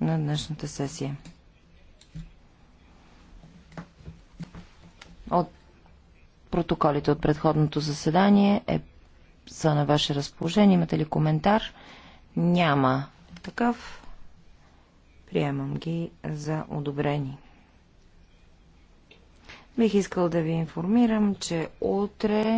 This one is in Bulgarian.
на днешната сесия. От протоколите от предходното заседание е, са на ваше разположение. Имате ли коментар? Няма такъв. Приемам ги за одобрени. Бих искал да ви информирам, че утре